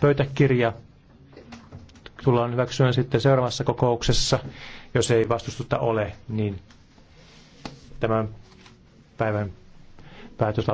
pöytäkirja tullaan hyväksymään sitten seuraavassa kokouksessa, jos ei vastustusta ole, niin tämän päivän päätös